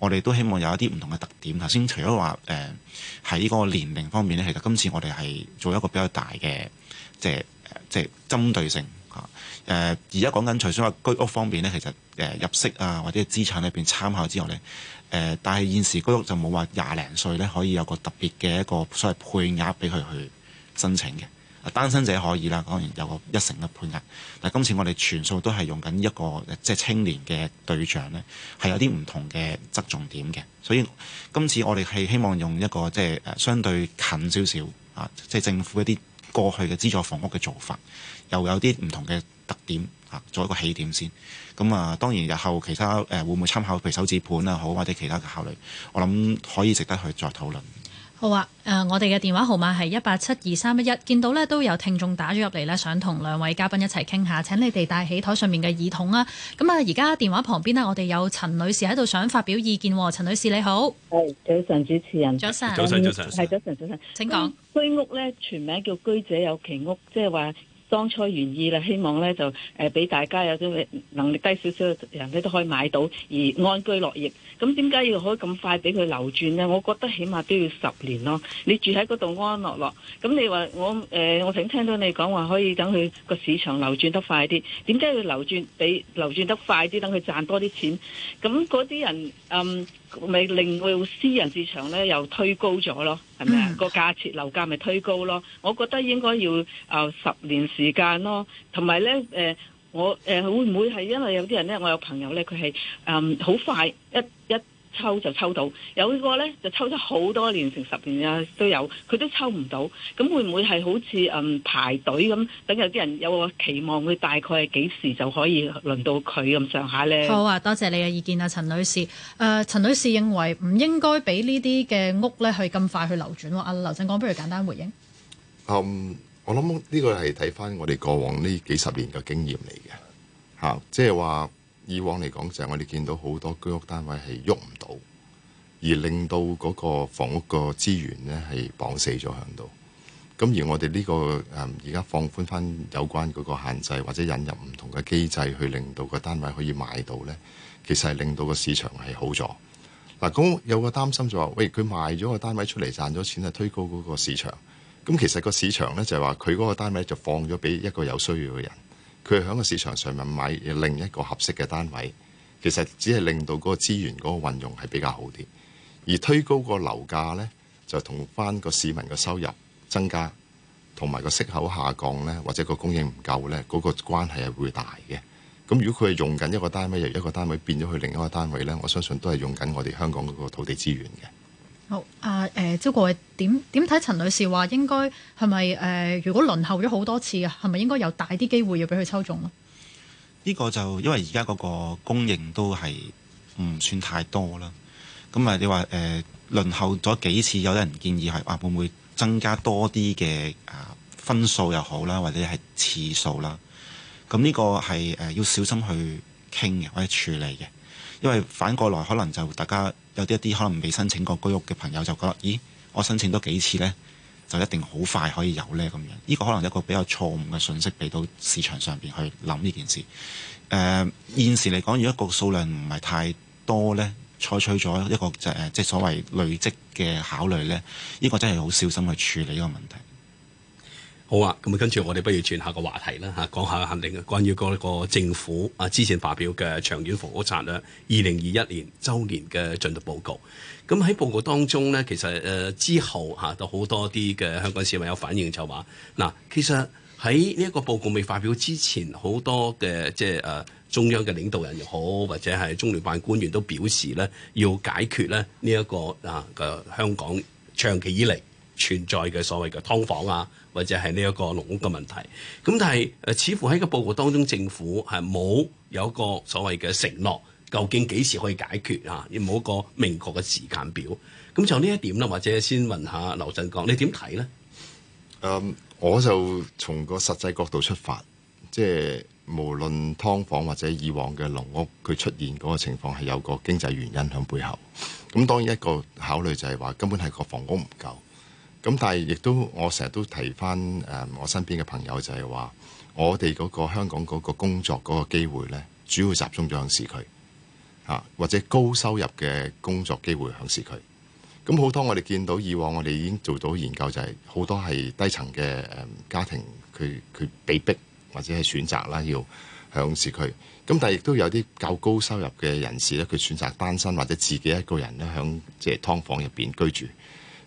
我哋都希望有一啲唔同嘅特點。頭先除咗話誒，喺、呃、個年齡方面呢，其實今次我哋係做一個比較大嘅，即係即係針對性。誒、呃、而家講緊，除咗話居屋方面呢，其實，呃、入息啊或者資產裏邊參考之外呢，誒、呃、但係現時居屋就冇話廿零歲呢可以有個特別嘅一個所謂配額俾佢去申請嘅。單身者可以啦，當然有個一成嘅配額。但係今次我哋全數都係用緊一個即係青年嘅對象呢，係有啲唔同嘅側重點嘅。所以今次我哋係希望用一個即係相對近少少啊，即係政府一啲。過去嘅資助房屋嘅做法，又有啲唔同嘅特點，啊，作一個起點先。咁啊，當然日後其他誒會唔會參考譬如手指盤啊好，或者其他嘅考慮，我諗可以值得去再討論。好啊！誒、呃，我哋嘅電話號碼係一八七二三一一，見到呢都有聽眾打咗入嚟呢，想同兩位嘉賓一齊傾下。請你哋戴起台上面嘅耳筒啊！咁、嗯、啊，而家電話旁邊呢，我哋有陳女士喺度想發表意見。陳女士你好，係早晨，主持人，Justin 早晨，早晨，係早晨，早晨，嗯、早晨請講說、嗯。居屋呢，全名叫居者有其屋，即係話。當初願意啦，希望咧就誒俾、呃、大家有啲能力低少少嘅人咧都可以買到而安居樂業。咁點解要可以咁快俾佢流轉呢？我覺得起碼都要十年咯。你住喺嗰度安安樂樂，咁你話我誒，我聽、呃、聽到你講話可以等佢個市場流轉得快啲，點解要流轉俾流轉得快啲，等佢賺多啲錢？咁嗰啲人嗯。咪令到私人市場咧又推高咗咯，係咪啊？個價錢樓價咪推高咯。我覺得應該要啊、呃、十年時間咯，同埋咧誒，我誒、呃、會唔會係因為有啲人咧，我有朋友咧，佢係誒好快一一。一抽就抽到，有個呢就抽咗好多年，成十年啊都有，佢都抽唔到。咁會唔會係好似嗯排隊咁，等有啲人有個期望，佢大概係幾時就可以輪到佢咁上下呢？好啊，多謝你嘅意見啊，陳女士。誒、呃，陳女士認為唔應該俾呢啲嘅屋呢去咁快去流轉。阿、啊、劉振江，不如簡單回應。誒、嗯，我諗呢個係睇返我哋過往呢幾十年嘅經驗嚟嘅，嚇、啊，即係話。以往嚟講就係我哋見到好多居屋單位係喐唔到，而令到嗰個房屋個資源咧係綁死咗響度。咁而我哋呢、呢個誒而家放寬翻有關嗰個限制，或者引入唔同嘅機制去令到個單位可以買到咧，其實係令到個市場係好咗。嗱，咁有個擔心就話、是，喂，佢賣咗個單位出嚟賺咗錢啊，推高嗰個市場，咁其實個市場咧就係話佢嗰個單位就放咗俾一個有需要嘅人。佢係喺個市場上面買另一個合適嘅單位，其實只係令到嗰個資源嗰個運用係比較好啲。而推高個樓價呢，就同翻個市民嘅收入增加，同埋個息口下降呢，或者個供應唔夠呢，嗰個關係係會大嘅。咁如果佢係用緊一個單位，由一個單位變咗去另一個單位呢，我相信都係用緊我哋香港嗰個土地資源嘅。好啊！誒、呃，招國偉點點睇？陳女士話應該係咪誒？如果輪候咗好多次啊，係咪應該有大啲機會要俾佢抽中咯？呢個就因為而家嗰個供應都係唔算太多啦。咁啊，你話誒輪候咗幾次，有啲人建議係話會唔會增加多啲嘅啊分數又好啦，或者係次數啦？咁呢個係誒要小心去傾嘅，或者處理嘅。因為反過來可能就大家有啲一啲可能未申請過居屋嘅朋友就覺得，咦？我申請多幾次呢，就一定好快可以有呢。咁樣。呢、呢個可能一個比較錯誤嘅信息俾到市場上邊去諗呢件事。誒、呃，現時嚟講，如果個數量唔係太多呢，採取咗一個就、呃、即係所謂累積嘅考慮呢，呢、呢個真係好小心去處理呢個問題。好啊，咁啊，跟住我哋不如轉下個話題啦嚇，講下肯定嘅關於嗰個政府啊之前發表嘅長遠房屋策略二零二一年周年嘅進度報告。咁喺報告當中咧，其實誒、呃、之後嚇、啊、都好多啲嘅香港市民有反應就話、是，嗱、啊，其實喺呢一個報告未發表之前，好多嘅即係誒、啊、中央嘅領導人又好，或者係中聯辦官員都表示咧，要解決咧呢一個啊嘅、啊啊、香港長期以嚟存在嘅所謂嘅劏房啊，或者係呢一個農屋嘅問題，咁但係誒，似乎喺個報告當中，政府係冇有，有個所謂嘅承諾究竟幾時可以解決啊？亦冇一個明確嘅時間表。咁就呢一點啦，或者先問下劉振江，你點睇咧？誒，um, 我就從個實際角度出發，即係無論劏房或者以往嘅農屋，佢出現嗰個情況，係有個經濟原因響背後，咁當然一個考慮就係話根本係個房屋唔夠。咁但係亦都，我成日都提翻誒、嗯、我身邊嘅朋友就係話，我哋嗰個香港嗰個工作嗰個機會咧，主要集中咗響市區嚇、啊、或者高收入嘅工作機會響市區。咁、嗯、好多我哋見到以往我哋已經做到研究、就係，就係好多係低層嘅誒家庭，佢佢被逼或者係選擇啦，要響市區，咁、嗯、但係亦都有啲較高收入嘅人士咧，佢選擇單身或者自己一個人咧，響，即係劏房入邊居住。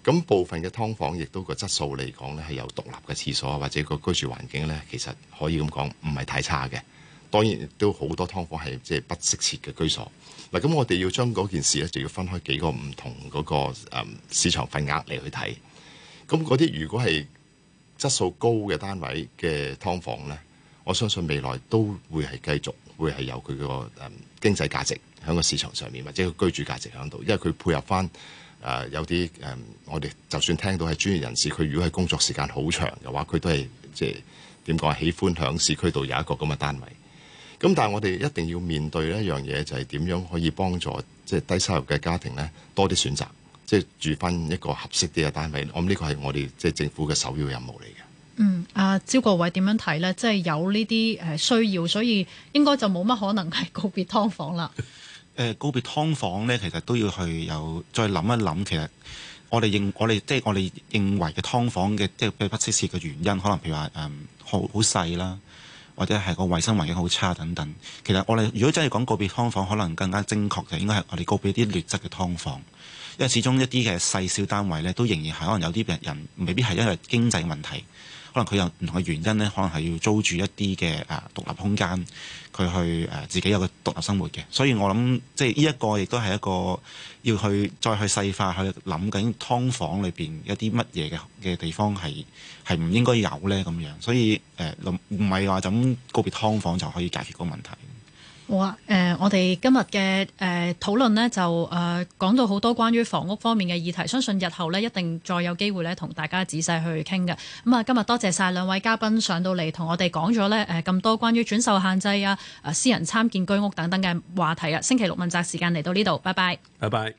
咁部分嘅劏房，亦都個質素嚟講咧，係有獨立嘅廁所或者個居住環境咧，其實可以咁講唔係太差嘅。當然亦都好多劏房係即係不適切嘅居所。嗱，咁我哋要將嗰件事咧，就要分開幾個唔同嗰個誒市場份額嚟去睇。咁嗰啲如果係質素高嘅單位嘅劏房咧，我相信未來都會係繼續會係有佢個誒經濟價值響個市場上面，或者個居住價值響度，因為佢配合翻。誒有啲誒，我哋就算聽到係專業人士，佢如果係工作時間好長嘅話，佢都係即係點講？喜歡喺市區度有一個咁嘅單位。咁但係我哋一定要面對一樣嘢，就係點樣可以幫助即係低收入嘅家庭呢？多啲選擇，即係住翻一個合適啲嘅單位。我諗呢個係我哋即係政府嘅首要任務嚟嘅。嗯，阿招國偉點樣睇呢？即係有呢啲誒需要，所以應該就冇乜可能係告別劏房啦。 誒告別劏房呢，其實都要去有再諗一諗。其實我哋認我哋即係我哋認為嘅劏房嘅即係不適切嘅原因，可能譬如話好好細啦，或者係個衛生環境好差等等。其實我哋如果真係講告別劏房，可能更加精確就應該係我哋告別啲劣質嘅劏房，因為始終一啲嘅細小單位呢，都仍然係可能有啲人未必係因為經濟問題。可能佢有唔同嘅原因咧，可能係要租住一啲嘅誒獨立空間，佢去誒、呃、自己有個獨立生活嘅。所以我諗即係呢一個亦都係一個要去再去細化去諗緊劏房裏邊一啲乜嘢嘅嘅地方係係唔應該有咧咁樣。所以誒唔係話就咁告別㓥房就可以解決個問題。好啊，誒、呃，我哋今日嘅誒討論呢，就誒、呃、講到好多關於房屋方面嘅議題，相信日後呢，一定再有機會呢，同大家仔細去傾嘅。咁、嗯、啊，今日多謝晒兩位嘉賓上到嚟同我哋講咗呢誒咁多關於轉售限制啊、誒私人參建居屋等等嘅話題啊。星期六問責時間嚟到呢度，拜拜，拜拜。